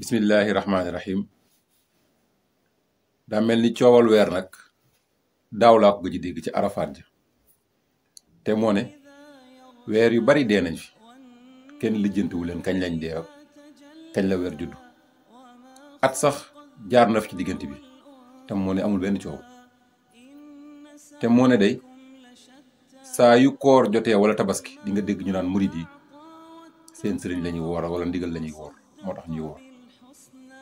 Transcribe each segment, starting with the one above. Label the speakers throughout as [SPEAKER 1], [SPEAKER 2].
[SPEAKER 1] bismillahi rahmaani rahim daa mel ni coowal weer nag daaw laa ko gëj dégg ci arafaat ja te moo ne weer yu bari dee nañ fi kenn lijjantiwu leen kañ lañ dee kañ la weer juddu at sax jaar na fi ci diggante bi te moo ne amul benn coow te moo ne day saa yu koor jotee wala tabaski dinga dégg ñu naan murid yi seen sëriñ la ñuy woor wala ndigal la ñuy woor moo tax ñuy woor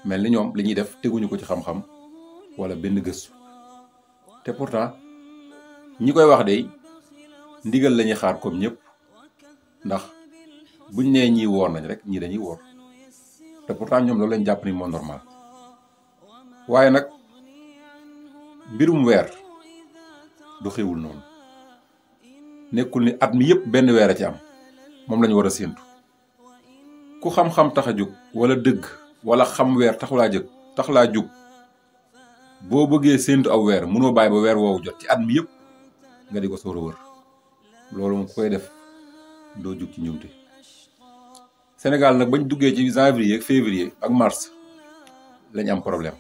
[SPEAKER 1] mel ni ñoom li ñuy def teguñu ko ci xam-xam wala benn gëstu te pourtant ñi koy wax de ndigal lañuy xaar comme ñëpp ndax buñ nee ñii woor nañ rek ñii dañuy woor te pourtant ñoom loolu lañ jàpp ni moo normal waaye nag mbirum weer du xewul noonu nekkul ni at mi yëpp benn weer a ci am moom lañu war a séentu ku xam-xam tax jóg wala dëgg wala xam weer laa jëg tax laa jóg boo bëggee séentu aw weer mënoo bàyyi ba weer woowu jot ci at mi yëpp nga di ko soor a wër loolu moom koy def doo jug ci ñoom Sénégal nag bañ duggee ci janvier ak février ak mars lañ am problème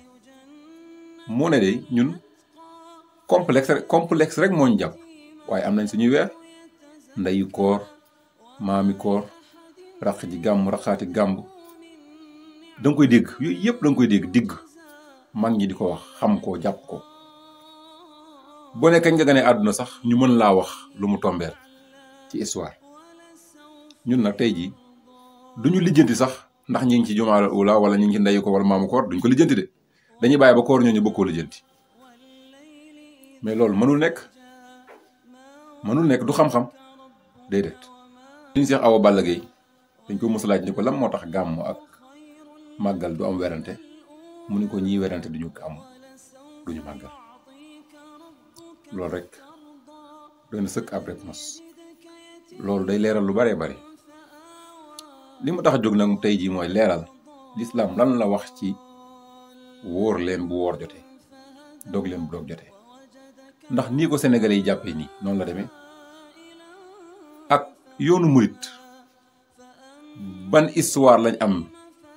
[SPEAKER 1] moo ne de ñun complex complexe rek mooñ ñu jàpp waaye am nañ suñuy weer ndeyu koor maami koor raq ji gàmm raqaati gàmb da nga koy dégg yooyu yëpp da koy dégg digg mag ñi di ko wax xam ko jàpp ko boo ne kañ nga àdduna sax ñu mën laa wax lu mu tombeel ci histoire ñun nag tey jii duñu lijjanti sax ndax ñi ngi ci jumaa ula wala ñi ngi ci ndeyu ko wala maamu koor duñ ko lijjanti de dañuy bàyyi ba koor ñooñu bëgg koo lijjanti mais loolu mënul nekk mënul nekk du xam-xam déedéet. liñ Seex Awa Balla Gaye dañ ko mos laaj ni ko lan moo tax gàmm ak. màggal du am werante mu ni ko ñiy werante du ñu ko am duñu màggal loolu rek doy na sëkk ab réponse loolu day leeral lu baree bari li mu tax jóg nag tey jii mooy leeral lislaam lan la wax ci wóor leen bu wóor jotee doog leen bu doog jotee ndax nii ko sénégalais yi jàppee nii noonu la deme ak yoonu murit ban histoire lañ am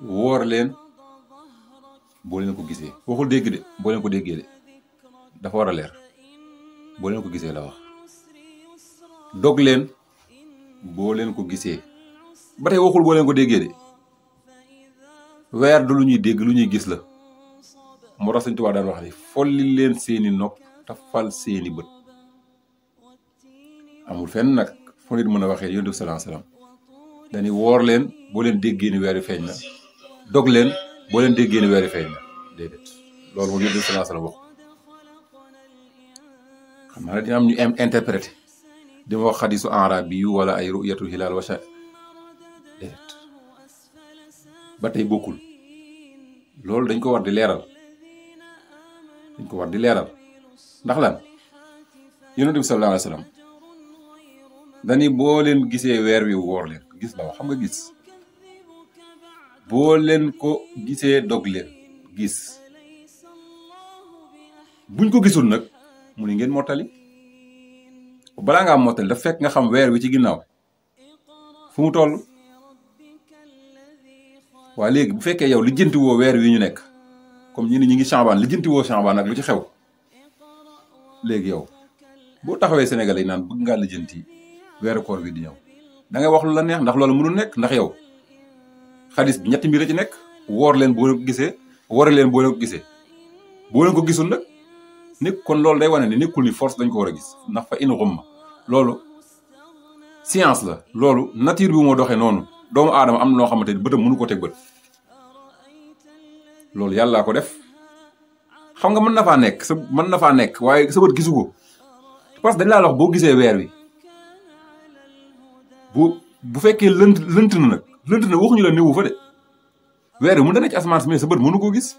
[SPEAKER 1] woor leen boo leen ko gisee waxul dégg de boo leen ko déggee de dafa war a leer boo leen ko gisee la wax dog leen boo leen ko gisee ba tey waxul boo leen ko déggee de weer du lu ñuy dégg lu ñuy gis la moo tax Sëñ Tuubaa daan wax folli leen seeni nopp tafal seeni bët amul fenn nag fu mën a waxee yonent bi salaam salaam dañuy woor leen boo leen déggee ni weer wi feeñ na dog leen boo leen déggee ne weeri feeñ na déedéet loolu moom yëpp sallallahu alayhi wax xam naa ne dina am ñu interprété di ma wax xadisu arabi yu wala ay ru'yatul hilaal wacha déedéet ba tey bokkul loolu dañ ko war di leeral dañ ko war di leeral ndax lan yonent bi sallallahu alayhi wa sallam dañuy boo leen gisee weer wi woor leen gis la wax xam nga gis boo leen ko gisee dog leen gis buñ ko gisul nag mu ni ngeen mottali balaa ngaa mottali daf fekk nga xam weer wi ci ginnaaw fu mu toll waa léegi bu fekkee yow lijjanti woo weer wi ñu nekk comme ñu ni ñu ngi Shambane lijjanti woo Shambane ak lu ci xew léegi yow boo taxawee Sénégal yi naan bëgg ngaa lijjanti weeru koor wi di ñëw da ngay wax lu la neex ndax loolu mënul nekk ndax yow xadis bi ñetti mbir a ci nekk woor leen boo gisee wore leen boo gisee boo leen ko gisul nag nekk kon loolu day wane ne nekkul ni force dañ ko war a gis ndax fa in xumma loolu science la loolu nature bi moo doxee noonu doomu aadama am na loo xamante ni bëtam mënu ko teg bët loolu yàllaa ko def xam nga mën na faa nekk sa mën na faa nekk waaye sa bët gisu ko parce que dañ laa wax boo gisee weer wi bu bu fekkee lënt lënt na nag lënt na waxuñu la néewu fa de weer wi mu na ne ci asamaan si mais sa bët mënu koo gis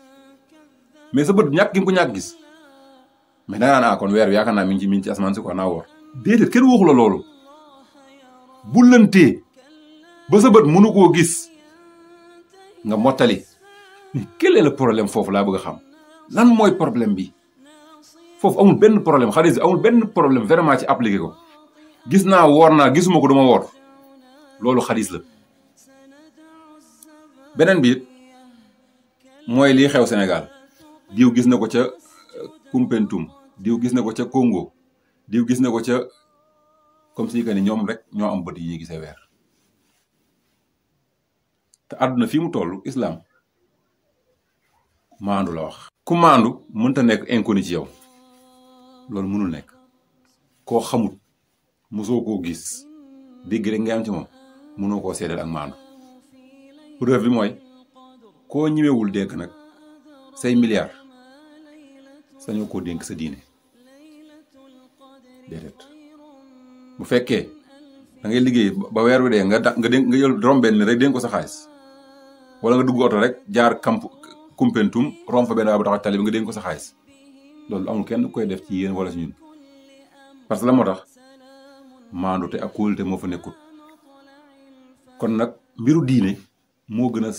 [SPEAKER 1] mais sa bët ñàkk ko ñàkk gis mais na dangaa naa ah, kon weer wi yaakaar naa mi ngi ci mi ngi ci asamaan si quoi naa woor déedéet kenn waxu la loolu bu lëntee ba sa bët mënu koo gis nga mottali mais quel problème foofu laa bëgg a xam lan mooy problème bi foofu amul benn problème xarit si amul benn problème vraiment ci appliqué ko gis naa woor naa gisuma ko dama woor loolu xadis la beneen bi mooy lii xew senegal diw gis na ko ca euh, Kumpentum diw gis na ko ca Congo diw gis na ko ca comme si que ni ñoom rek ñoo am bët yi ñuy gisee weer te àdduna fi mu toll islam maandu la wax. ku maandu mënta nekk inconnu ci yow loolu mënul nekk koo xamut mosoo koo gis dégg rek nga am ci moom mënoo koo seedeel ak maandu. preuve bi mooy koo ñëwewul dénk nag say milliards sañoo koo dénk sa diine bu fekkee dangay ngay liggéey ba weer wi dee nga da nga dénk nga jël rombenn rek dénk ko sa xaalis wala nga dugg oto rek jaar kamp kumpentum rom fa benn waa bu taxaw tali bi nga dénk ko sa xaalis loolu amul kenn koy def ci yéen wala si ñun parce que la moo tax maandu te ak kóolute moo fa nekkut kon nag mbiru diine moo gën a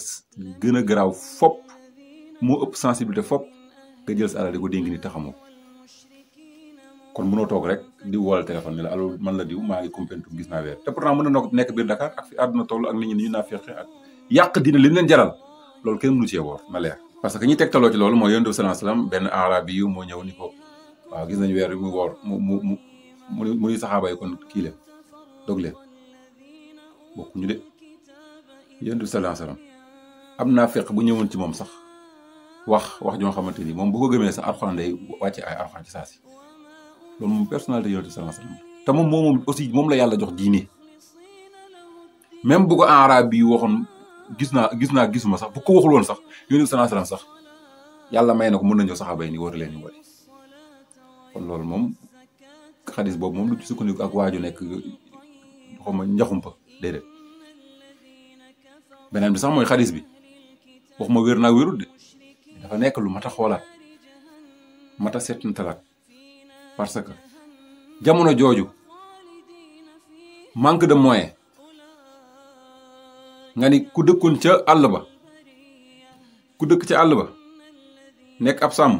[SPEAKER 1] gën a garaaw fopp moo ëpp sensibilité fopp nga jël sa alal di ko dénk ni taxamoo kon mënoo toog rek di woo téléphone ni la allo man la diw maa ngi Koumpentoum gis naa weer te pourtant mën na nekk biir Dakar ak fi àdduna toll ak nit ñi ni ñu naa fexe ak yàq dina li leen jaral loolu kenn mënu cee woor ma leer. parce que ñi tegtaloo ci loolu mooy yonent bi salaam salaam benn arabi yu moo ñëw ni ko waaw gis nañu weer bi mu woor mu mu mu mu mu saxaaba yi kon kii leen dog leen bokkuñu de. yonent sallallahu alayhi am naa feq bu ñëwoon ci moom sax wax wax joo xamante ni moom bu ko gëmee sax alxuraan day wàcce ay alxuraan ci saa si loolu moom personnalité yonent sallallahu alayhi te moom moom aussi moom la yàlla jox diine même bu ko araab bi waxoon gis naa gis naa gisuma sax bu ko waxul woon sax yonent sallallahu alayhi sax yàlla may na ko mën nañoo saxaaba yi ni wóoru leen ñu wari kon loolu moom xadis boobu moom lu ci sukkandiku ak waaju nekk xaw ma njaxumpa déedéet beneen bi sax mooy xadis bi waxuma wér naa wérut de dafa nekk lu mat a xoolaat mat a seetantalaat parce que jamono jooju manque de moyen nga ni ku dëkkoon ca àll ba ku dëkk ca àll ba nekk ab sàmm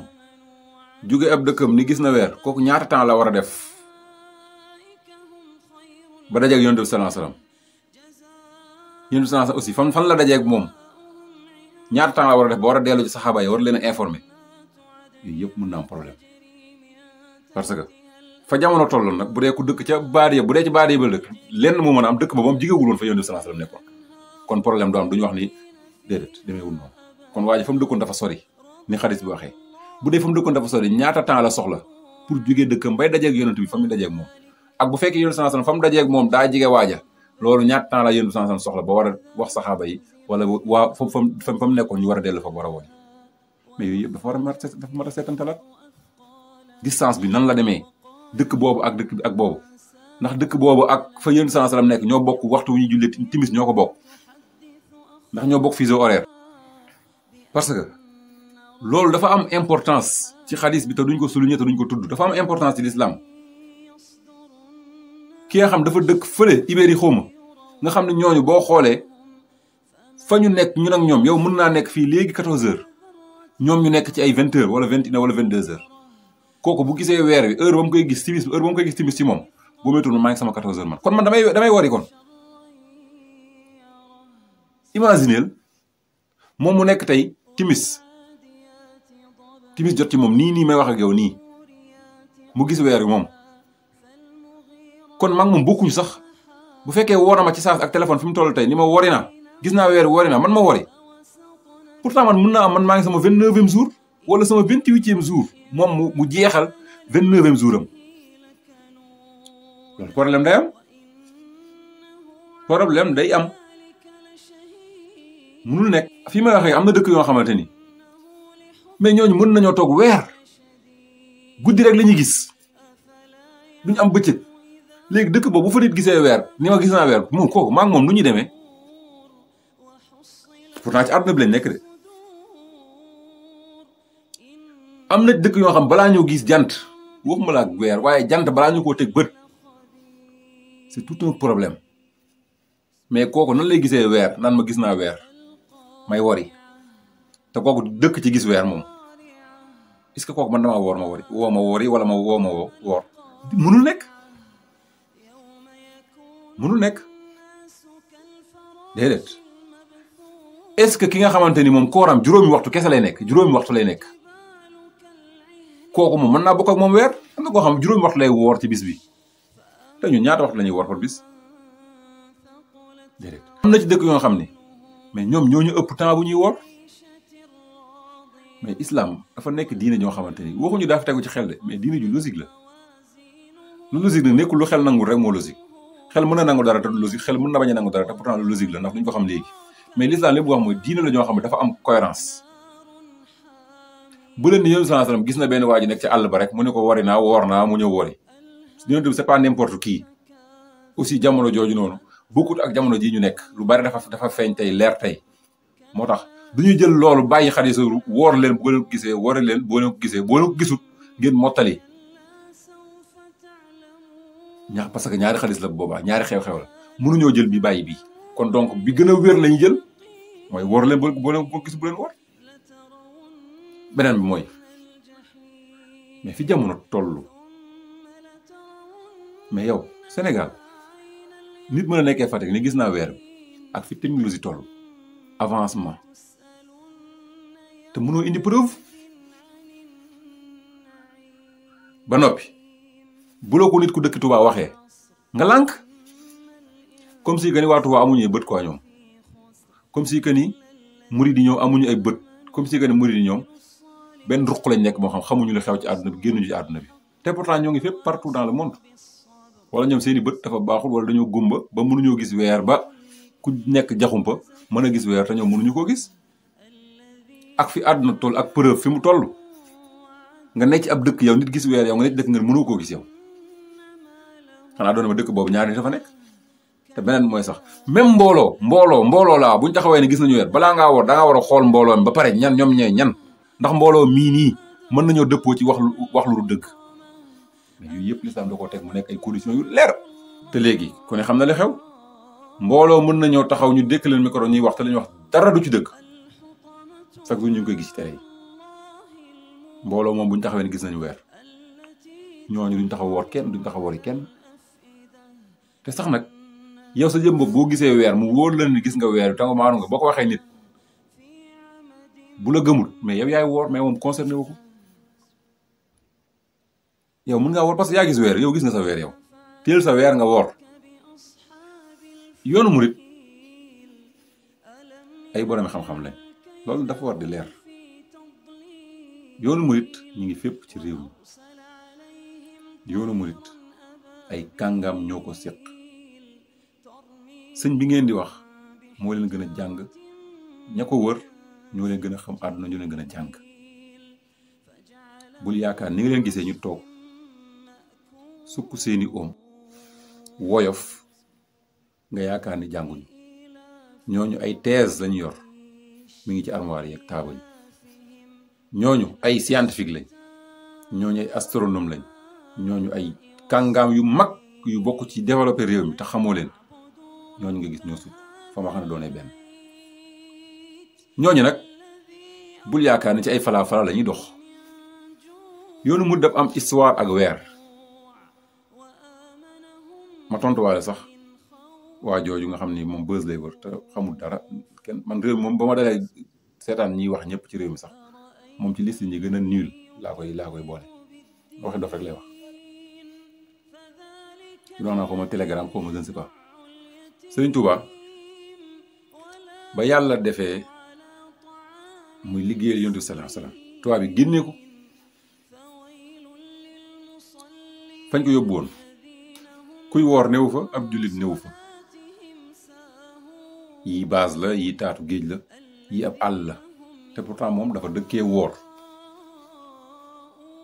[SPEAKER 1] jóge ab dëkkam ni gis na weer kooku ñaata temps la war a def ba dajeeg yonent bi sallallahu alayhi wasallam yunus sa aussi fan fan la dajé ak mom ñaar temps la wara def bo wara a ci sahaba yi wara leen informer yooyu yëpp mën na am problème parce que fa jamono tollu nak bu dee ku dëkk ca baadiya bu dee ci baadiya ba dëkk lenn mu mëna am dëkk ba bam jigeewul won fa yunus sallallahu alayhi wasallam nekkoon kon problème do am duñ wax ni démé wul noonu kon waji fam dëkkon dafa sori ni hadith bi waxé bu dee fa mu dafa sori ñaata temps la soxla pour jógee dëkkam bay ak yunus bi fam dajé ak mom ak bu fekk yunus sallallahu alayhi wasallam fa mu dajeeg moom daa jige loolu ñaata temps la yéen sansan soxla ba war a wax saxaaba yi wala waa fa fa fa mu nekkoon ñu war a dellu fa war a woon mais yooyu yëpp dafa war a dafa mën a distance bi nan la demee dëkk boobu ak dëkk ak boobu ndax dëkk boobu ak fa yéen sansan am nekk ñoo bokk waxtu wu ñu jullee timis ñoo ko bokk ndax ñoo bokk fuseau horaire parce que loolu dafa am importance ci xadis bi te duñ ko souligner te duñ ko tudd dafa am importance ci l'islam ki nga xam dafa dëkk fële ibéri xawma nga xam ne ñooñu boo xoolee fa ñu nekk ñun nag ñoom yow mën naa nekk fii léegi 14 heures ñoom ñu nekk ci ay 20 heures wala 21 wala 22 heures kooku bu gisee weer wi heure ba mu koy gis timis heure ba mu koy gis timis ci moom boo moytuwul man maa ngi sama 14 heures man kon man damay damay wari kon. imagineel moom mu nekk tey timis timis jot ci moom nii nii may wax ak yow nii mu gis weer wi moom. kon mag ngi moom bokkuñu sax bu fekkee woor ma ci saa ak téléphone fi mu toll tey ni ma wori naa gis naa weer wori naa man ma wori pourtant man mun naa man maa ngi sama vingt neuvième jour wala sama vingt huitième jour moom mu jeexal vingt neuvième jour am loolu problème day am problème day munul nekk. fii ma waxee am na dëkk yoo xamante ni mais ñooñu mën nañoo toog weer guddi rek la ñuy gis duñ am bëccëg. léegi dëkk boobu bu fa gisee weer ni ma gis naa weer moom kooku maa moom lu ñu demee pourtant ci àdduna bi lañ nekk de am na dëkk yoo xam balaa ñoo gis jant waxuma la ak weer waaye jant balaa ñu ko teg bët c'est tout un problème mais kooku nan lay gisee weer naan ma gis naa weer may wori te kooku dëkk ci gis weer moom est-ce que kooku man damaa woor ma wori woo ma wori wala ma woo ma woor mënul nekk. munu nek dedet est est-ce ki nga xamanteni mom moom kooram juróomi waxtu kessa lay nek juróomi waxtu lay nek koku mom man na bok ak mom wer am na ko xam juróomi waxtu lay wor ci bis bi te ñun ñaata waxtu lañuy wor for bis dedet am na ci dëkk yo xamni mais ñom ñoo ñu ëpp temps bu ñuy wor mais islam dafa nek diine ño xamanteni waxu ñu dafa teggu ci xel de mais diine ju logique la lu logique nag nekkul lu xel nangul rek mo logique. xel mën na nangu dara te du logique xel mën na bañ a nangu dara te pourtant lu logique la ndax duñ ko xam léegi mais l'islam li mu xam ne bu leen ni yonent gis na benn waa ji nekk ci àll ba rek mu ne ko wari naa naa mu ñëw wori yonent bi c'est pas aussi jamono jooju noonu bokkut ak jamono jii ñu nekk lu bari dafa dafa feeñ tey tey moo tax du ñu jël loolu bàyyi xadiisu woor leen boo leen ko gisee wori leen boo leen ko gisee boo leen ko gisut ngeen mottali ñaa parce que ñaari xalis la boobaa ñaari xew-xew la ñoo jël bi bayyi bi kon donc bi gëna wër lañu jël moy wor leen bo leen ko gis bu leen wor benen bi mooy mais fi jamono tollu mais yow Sénégal nit mëna nekké nekkee ni gis na wër ak fi ci tollu avancement te mënu indi preuve ba noppi bu la ko nit ku dëkk tuba waxe nga lank comme si gani wa tuba amuñu ay quoi comme si que mouride murid amuñu ay bët comme si gani mouride murid ben ruq lañ nek mo xam xamuñu la xew ci aduna bi gennu ci aduna bi té pourtant ñoo ngi fépp partout dans le monde wala ñom seeni bët dafa baxul wala dañu gumba ba ñu gis wër ba ku nek jaxum mën mëna gis weer ñom mënu ñu ko gis ak fi aduna tol ak preuve fi mu toll nga nekk ab dëkk yow nit gis weer yow nga nekk dëkk nga mënoo ko gis yow xanaa doon ma dëkk boobu ñaari nit dafa nekk te beneen mooy sax même mbooloo mbooloo mbooloo laa buñ ñu taxawee ne gis nañu weer balaa ngaa war xool mbooloo ba pare ñan ñoom ñee ñan ndax mbooloo mii nii mën nañoo dëppoo ci wax wax lu dëgg yëpp lislaam da koo teg mu nekk ay conditions leer te léegi ku ne xam na li xew mbooloo mën nañoo taxaw ñu dékk leen micro ñuy wax te lañuy wax dara du ci dëgg chaque ñu ngi gis ci mbooloo moom bu ñu taxawee gis nañu weer ñooñu duñ taxaw woor kenn duñ taxaw woori kenn te sax nag yow sa jëm bopp boo gisee weer mu wóor la ni gis nga weer bi maanu nga boo ko waxee nit bu la gëmul mais yow yaay woor mais moom concerné wu ko yow mën ngaa woor parce que yaa gis weer yow gis nga sa weer yow teel sa weer nga woor yoonu murit ay borom xam-xam lañ loolu leer yoonu murit ñu ngi fépp ci réew mi yoonu murit ay kàngam ñoo ko séq sëñ bi ngeen di wax moo leen gën a jàng ña ko wër ñoo leen gën a xam àdduna ñoo leen gën a jàng bul yaakaar ni nga leen gisee ñu toog sukk seeni oom woyof nga yaakaar ni jànguñu ñooñu ay thèse lañu yor mu ngi ci armoire yi ak taabal yi ñooñu ay scientifique lañ ñooñu ay astronome lañ ñooñu ay kàngaam yu mag yu bokk ci développé réew mi te xamoo leen ñooñu nga gis ñoo sut fa ma xam ne doonee benn ñooñu nag bul yaakaar ne ci ay falaa falaa la ñuy dox yoonu mu daf am histoire ak weer ma tontuwaale sax waa jooju nga xam ni moom bës lay wër te xamul dara kenn man réew moom ba ma dalee seetaan ñiy wax ñëpp ci réew mi sax moom ci liste ñi gën a nul laa koy laa koy boole waxi dof rek lay wax. doon naa ko ma télégramme ma je ne sais serigne touba ba yàlla defé muy liggéeyal sallallahu alayhi wasallam tubaab bi génnee ko fañ ko yóbbu woon kuy wor newu fa ab newu fa yi baz la yi taatu géej la yi ab alla te pourtant mom dafa dëkkee wor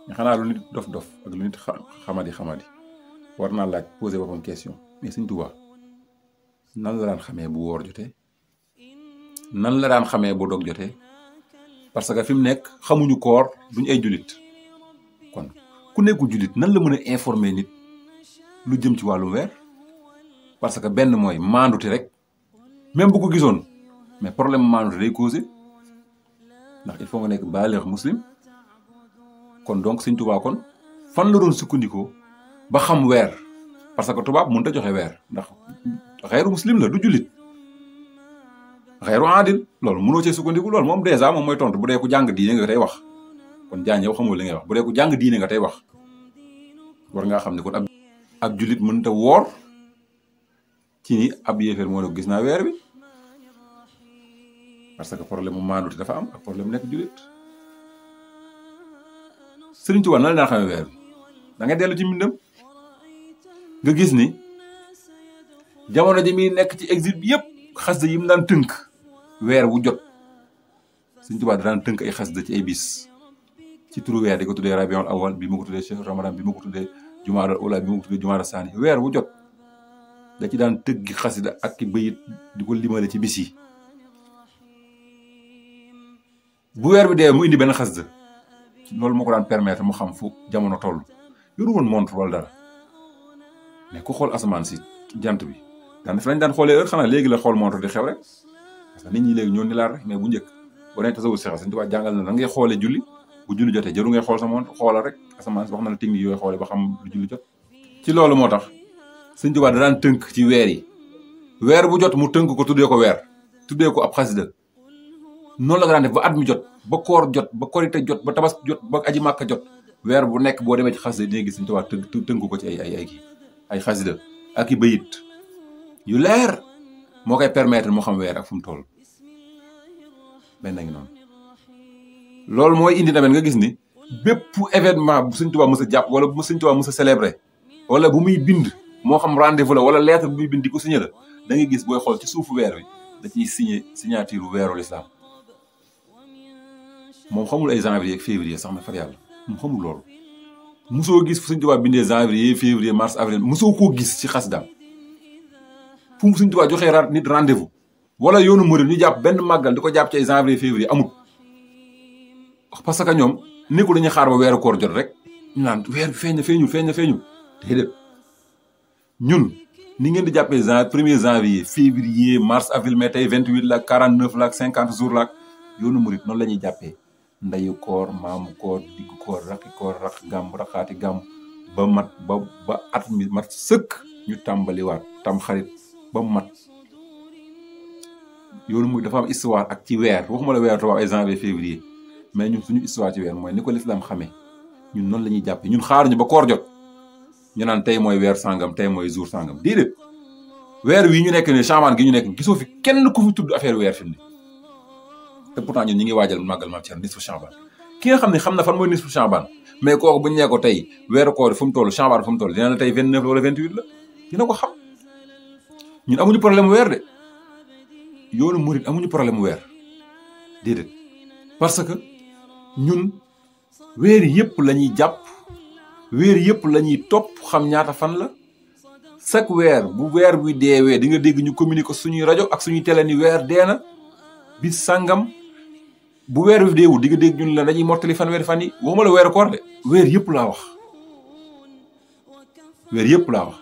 [SPEAKER 1] nga xanaa lu nit dof dof ak lu nit xamadi xamadi war naa laaj posé boppam question mais sëriñ touba nan la daan xamee bu woor jote nan la daan xamee bu dog jotee parce que fi mu nekk xamuñu koor duñu ay jullit kon ku nekkul jullit nan la mën a informer nit lu jëm ci wàllu weer parce que benn mooy maanduti rek même bu ko gisoon mais problème maanduti day causé ndax il faut nga nekk baaleex muslim kon donc Sëñ Tuubaa fan la doon sukkandikoo ba xam weer parce que tubaab mënut a joxe weer ndax xayru muslim la du jullit xayru aadil loolu mënoo cee sukkandiku loolu moom dèjà moom mooy tontu bu dee ku jàng diine nga tey wax kon jaan yow xamul li ngay wax bu dee ku jàng diine nga tey wax war ngaa xam ne kon ab ab jullit mënut a woor ci ni ab yéeféer moo ne gis naa weer bi parce que problème mu maanduti dafa am ak problème nekk jullit Sëriñ Tuubaa na la daan xamee weer bi da ngay dellu ci mbindam nga gis ni jamono ji muy nekk ci exil bi yëpp xasida yi mu daan tënk weer wu jot Sëñ Tuubaa da daan tënk ay xasida ci ay bis ci turu weer di ko tuddee rabiul awal bi ma ko tuddee cheikh ramadan bi ma ko tuddee jumaadal ula bi ma ko tuddee saani weer wu jot da ci daan tëggi xasida ak ki bayit di ko limale ci bisi bu weer bi dee mu indi benn xasida loolu moo ko daan permettre mu xam fu jamono toll yoru woon montre wala dara mais ku xool asamaan si jant bi daan dafa lañ daan xoolee heure xanaa léegi la xool montre di xew rek parce que ñi léegi ñoo ni laar rek mais bu njëkk boo nee tasawul sexe Sëñ Tuubaa jàngal na la ngay xoolee julli bu julli jotee jëru ngay xool sa montre xoolal rek asamaan wax na la technique yooyu xoolee ba xam lu ci loolu moo tax Sëñ Tuubaa da tënk ci weer yi weer bu jot mu tënk ko tuddee ko weer tuddee ko ab xasida noonu la nga daan ba at mi jot ba koor jot ba korite jot ba tabas jot ba aji màkka jot weer bu nekk boo demee ci xasida dina gis Sëñ Tuubaa tënk ko ci ay ay ay ay xasida ak i bayit yu leer moo koy permettre moo xam weer ak fu mu toll benn ngi noonu mooy indi tamit nga gis ni bépp événement bu Sëñ Tuubaa mës a jàpp wala bu Sëñ Tuubaa mës a bu muy bind moo xam rendez-vous la wala lettre bu muy bind di ko signé la gis booy xool ci suufu weer wi da ciy signé signature weeru lislaam moom xamul ay janvier ak sax na far yàlla moom xamul loolu mosoo gis fu Sëñ Tuubaa bindee janvier février mars avril mosoo koo gis ci xas daal fu suñ tubaab joxee nit rendez-vous wala yoonu murid ñu jàpp benn màggal di ko jàpp ci ay janvier février amut parce que ñoom nekkul dañuy xaar ba weeru jot rek ñu naan feeñ na feeñul feeñ na feeñul déedéet ñun ni ngeen di jàppee jan premier janvier février mars avril mai tey vingt huit laak quarante neuf laak cinquante jours laak yoonu murid noonu la ñuy jàppee ndayu koor maamu koor diggu koor raqi koor raq gàmm raqaati gàmm ba mat ba ba at mi mat sëkk ñu tàmbaliwaat tam xarit ba mu mat yoonu mu dafa histoire ak ci weer waxuma la weer tubaab ay janvier février mais ñun suñu histoire ci weer mooy ni ko lislaam xamee ñun noonu la ñuy jàppee ñun ñu ba koor jot ñu naan tey mooy weer sangam tey mooy jour sangam déedéet weer wii ñu nekk nii chambane gi ñu nekk gisoo fi kenn ku fu tudd affaire weer fi mu ne te pourtant ñun ñu ngi waajal màggal maam Thierno nisfu chambane ki nga xam ne xam na fan mooy nisfu chambane mais kooku bu ñu nee ko tey weeru koor fu mu toll chambane ñun amuñu problème weer de yoonu murit amuñu problème weer déedéet parce que ñun weer yëpp lañuy jàpp weer yëpp lañuy topp xam ñaata fan la chaque weer bu weer buy deewee di nga dégg ñu communiquer suñuy rajo ak suñuy télé ni weer dee na bi sàngam bu weer wi deewul di dégg ñun la dañuy mottali fan weer fan yi waxuma la weeru koor de weer yëpp laa wax weer yëpp laa wax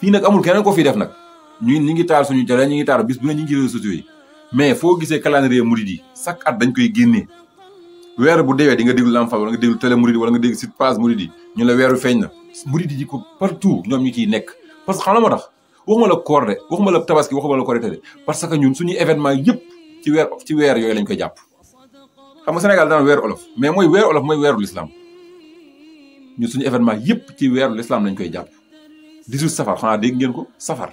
[SPEAKER 1] fii nag amul keneen ko fi def nag ñu ñu ngi taal suñu jale ñu ngi taal bis bu ne ñu ngi ci réseaux sociaux yi mais dañ koy génnee weer bu deewee di nga déglu Lamp Fall wala déglu télé murid yi wala nga déglu site page murid yi ñu la weeru feeñ na murid yi ko partout ñoom ñu ciy nekk parce que xam la moo tax waxuma la koor de waxuma la tabaski waxuma la korite de parce que ñun suñuy événement yëpp ci weer weer yooyu lañ koy jàpp xam nga Sénégal daan weeru olof mais mooy weeru olof mooy weeru l'islam ñun suñu événement yëpp ci weeru l'islam lañ koy jàpp 18 safar xanaa dégg ngeen ko safar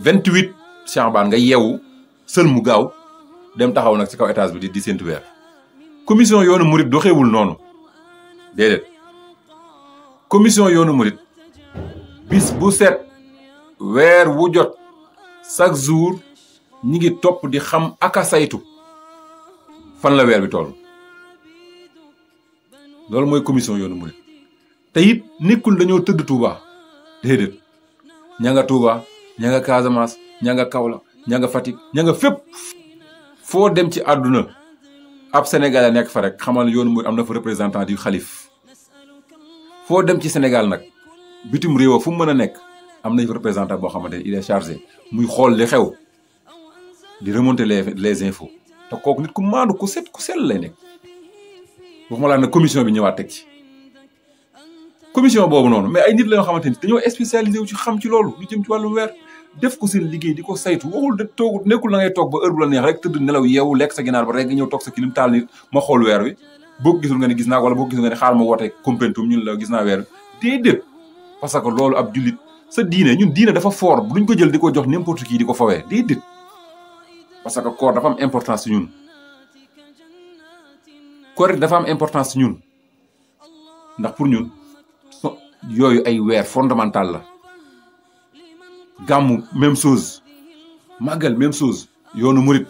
[SPEAKER 1] 28 Chaabaan nga yeewu sël mu gaaw dem taxaw nag ci kaw étage bi di di séntu weer commission yoonu murit doxewul noonu déedéet commission yoonu murit bis bu set weer wu jot chaque jour ñi ngi topp di xam ak saytu fan la weer bi tool loolu mooy commission yoonu murit te it nekkul dañoo tëdd Touba déedéet ña nga tuubaa ña nga Casamance ña nga Kaolack ña nga Fatick ña nga fépp foo dem ci àdduna ab Sénégal a nekk fa rek xamal yoonu mu am na fa représentant di xalif foo dem ci Sénégal nag bitim réew fu mën a nekk am nañ représentant boo xamante ni il est chargé muy xool li xew di remonter les les infos te kooku nit ku maandu ku set ku sell lay nekk waxuma laa ne commission bi ñëwaat teg ci commission boobu noonu mais ay nit la yoo xamante ni dañoo ci xam ci loolu lu jëm ci wàllu weer def ko seen liggéey di ko saytu waxul de toog nekkul na ngay toog ba heure bu la neex rek tëdd nelaw yeewu lekk sa ginaar ba rek nga ñëw toog sa kilim taal nit ma xool weer wi boo gisul nga ni gis naa ko wala boo gisul nga ni xaar ma woote compéntum ñun la gis naa weer wi déedéet parce que loolu ab julit sa diine ñun diine dafa bu luñ ko jël di ko jox n'importe qui di ko fawee déedéet parce que koor dafa am importance ñun koor dafa am importance ñun ndax pour ñun yooyu ay weer fondamental la gàmmu même chose màggal même chose yoonu murit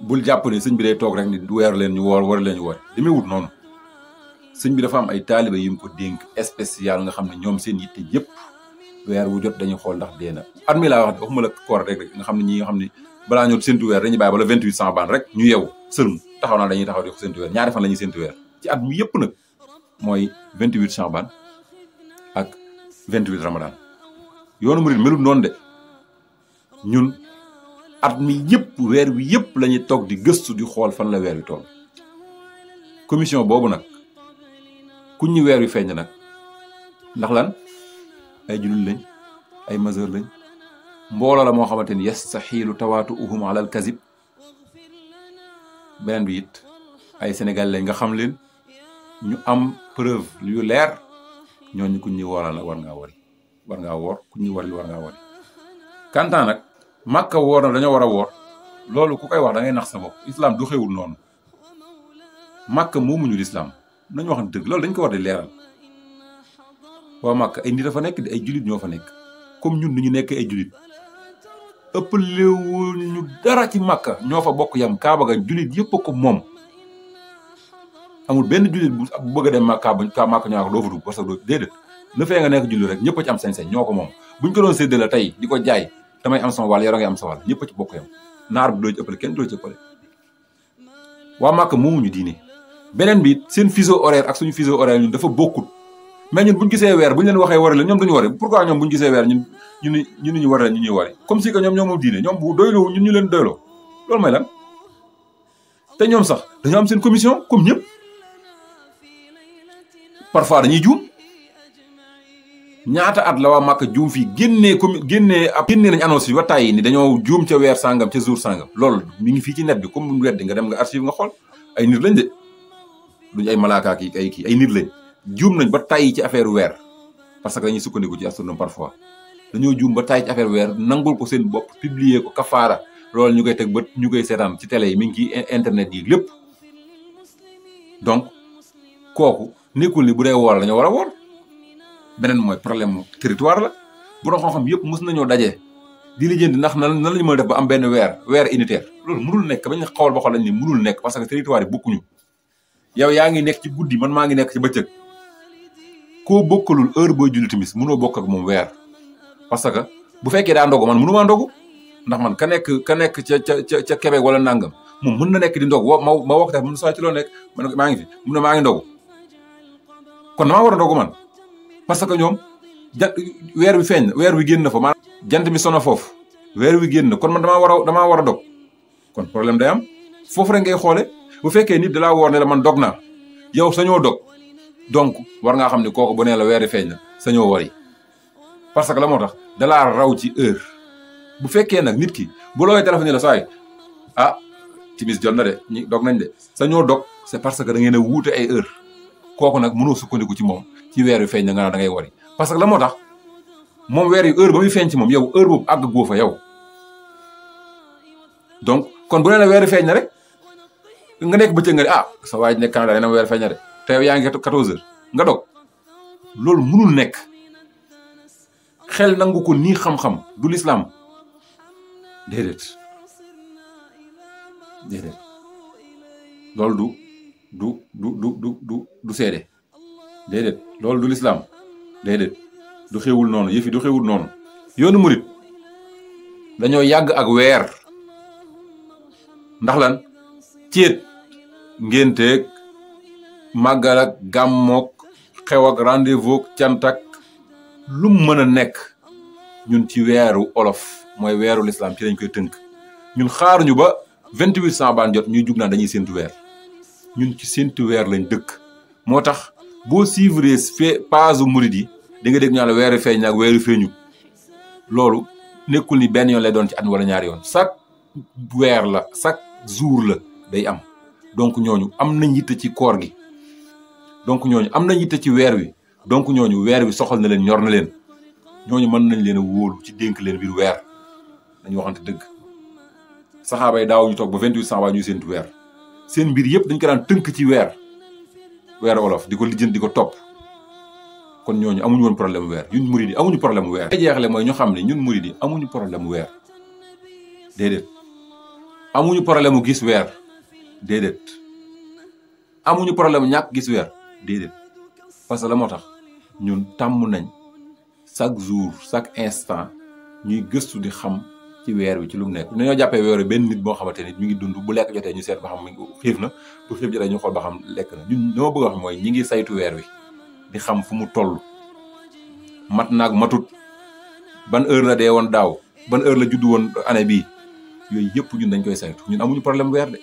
[SPEAKER 1] bul jàpp ne sëñ bi day toog rek ni du weer leen ñu woor war leen ñu woor demee wut noonu sëñ bi da am ay taaliba yu mu ko dénk spécial nga xam ne ñoom seen yitte yëpp weer wu jot dañu xool ndax dee na at laa wax de waxuma la koor rek rek nga xam ne ñi nga xam ne balaa ñoo séntu weer dañuy bàyyi bala vingt-huit Sàmbaan rek ñu yew sëlmu taxaw naa dañuy taxaw di ko séntu weer ñaari fan la ñuy séntu weer ci at mi yëpp nag mooy vingt-huit Sàmbaan ak vingt-huit Ramadan yoonu murit melut noonu de ñun at mi yëpp weer wi yëpp lañuy toog di gëstu di xool fan la weer wi toll. commission boobu nag kuñ ñu weer wi feeñ nag ndax lan ay jullit lañ ay majeur lañ mbooloo la moo xamante ni yastaxiilu tawaatu uhum alal kazib beneen bi it ay Sénégal lañ nga xam leen ñu am preuve yu leer ñooñu kuñ ñu wooral nag war ngaa wari war ngaa woor ku ñuy waril war ngaa wari kantaan nag màkka woor na dañoo war a woor loolu ku koy wax da ngay nax sa bopp islam du xewul noonu màkka moomuñu lislaam nañu wax dëgg loolu dañ ko war di leeral waa màkka ay nit dafa nekk di ay julit ñoo fa nekk comme ñun ni ñu nekk ay julit ëpp léewuñu dara ci màkka ñoo fa bokk yam kaaba ga julit yëpp a ko moom amul benn julit bu bëgg a dem màkka ba màkka ñoo ko doo fa dugg parce que doo déedéet le fait nga nekk julli rek ñëpp a ci am sañ-sañ ñoo ko moom buñ ko doon séddale tey di ko jaay damay am sama wàll yoro ngay am sa wàll ñëpp a ci bokk yam naar bi doo ci ëppale kenn doo ci ëppale waa màkk moomuñu diine beneen bi seen fuseau horaire ak suñu fuseau horaire ñun dafa bokkut mais ñun buñu gisee weer buñu leen waxee warale ñoom duñu ware pourquoi ñoom buñu gisee weer ñun ñu ni ñu niñu warale ñu ñuy ware comme si que ñoom ñoom moom diine ñoom bu doyloo ñun ñu leen doyloo loolu mooy lan te ñoom sax dañoo am seen commission comme ñëpp parfois dañuy juum ñaata at la waa Màkka juum fii génnee commune génne ab génnee nañ annonce yi ba tàyyi ni dañoo juum ca weer sàngam ca jour sàngam loolu mi ngi fii ci net bi comme mu weddi nga dem nga archive nga xool ay nit lañ de duñ ay malaakaak yi ay kii ay nit lañ juum nañ ba tàyyi ci affaire weer parce que dañuy sukkandiku ci astronome parfois dañoo juum ba tàyyi ci affaire weer nangul ko seen bopp publier ko kafaara lool ñu koy teg ba ñu koy seetaan ci télé yi mi ngi internet yi lépp donc kooku nekkul ni bu dee woor dañoo war a beneen mooy problème mu territoire la borom xam-xam yëpp mës nañoo daje di lijjanti ndax na nan la ñu mën def ba am benn weer weer unitaire loolu munul nekk bañ xawal ba xool lañ ne mënul nekk parce que territoire yi bokkuñu yow yaa ngi nekk ci guddi man maa ngi nekk ci bëccëg ko bokkalul heure booy julli timis mënoo bokk ak moom weer parce que bu fekkee daa ndogu man mënumaa ndogu ndax man ka nekk ka nekk ca ca ca Québec wala nangam moom mën na nekk di ndog wo ma ma wokk tax mën na saa ci loo nekk man maa ngi fi mën na maa ngi ndogu kon war a ndogu man parce que ñom ja wi feeñ weer wi génn na fa maanaam jant bi sono fofu weer wi génn na kon man dama wara dama wara dog kon problème day am fofu rek ngay xolé bu fekkee nit dala wor né la man dog naa yow sañoo dog donc war nga xamni ne bu né la weer wi feeñ na sañoo parce que la motax dala raw ci heure bu fekkee nak nit ki bu looy téléphone la say ah timis jonne de ni dog nañ de sañoo dog c'est parce que da ngay na wouté ay heure kooku nag mënoo sukkandiku ci moom ci weer yu feeñ na nga naan da ngay wari parce que lamoo moo tax moom weer yu heure ba muy feeñ ci moom yow heure boobu àgg góo fa yaw donc kon bu nee weer yu feeñ na rek nga nekk bëccëg nga ne ah sa waa ji nekk Canada dana ma weer feeñ na de te yow yaa ngi heures nga dog loolu mënul nekk xel nangu ko ni xam-xam du lislaam déedéet déedéet loolu du du du du du du du seede déedéet loolu du lislaam déedéet du xewul noonu yëfi du xewul noonu yoonu murit dañoo yàgg ak weer ndax lan céet ngénteeg màggal ak gàmmoog xew ak rendez-vous cant lu mu mën a nekk ñun ci weeru olof mooy weeru lislaam ci lañ koy tënk ñun xaaruñu ba vingt-huit Sàbaan jot ñuy jug naa dañuy séntu weer ñun ci séntu weer lañ dëkk moo tax boo suivre fee paasu murid yi di nga dégg ñu naan weeru feeñ ak weeru feeñu loolu nekkul ni benn yoon lay doon ci at wala ñaari yoon chaque weer la chaque jour la day am donc ñooñu am nañ yitte ci koor gi donc ñooñu am nañ yitte ci weer wi donc ñooñu weer wi soxal na leen ñor na leen ñooñu mën nañ leen a wóolu ci dénk leen biir weer dañu waxante dëgg saxaaba yi daawuñu toog ba vingt-huit cent waa ñuy séntu weer seen mbir yépp dañ ko daan tënk ci weer weer olof di ko lijjant di ko topp kon ñooñu amuñu woon problème weer ñun murid yi amuñu problème weer ay jeexle mooy ñu xam ne ñun murid yi amuñu problème weer déedéet amuñu problème gis weer déedéet amuñu problème ñàkk gis weer déedéet parce que la moo tax ñun tàmm nañ chaque jour chaque instant ñuy gëstu di xam ci weer wi ci lu mu nekk dañoo jàppee weer wi benn nit boo xamante ni ngi dund bu lekk jotee ñu seet ba xam xiif na bu xiif jotee ñu xool ba xam lekk na ñun li ma bëgg a wax mooy ñi weer wi di xam fu mu toll mat naag matut ban heure la dee woon daaw ban heure la judd woon année bii yooyu ñun dañ koy saytu ñun amuñu problème weer de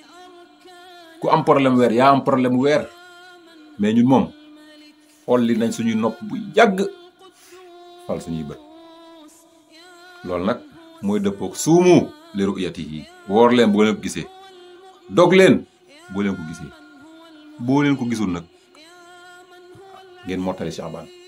[SPEAKER 1] ku am problème weer yaa am problème weer mais ñun moom xolli nañ suñuy nopp bu yàgg su suñuy bët loolu nag mooy dëppoog suumu li ru'yatihi woor leen boo leen ko gisee dog leen boo leen ko gisee boo leen ko gisul nag ngeen mottali Sha'ban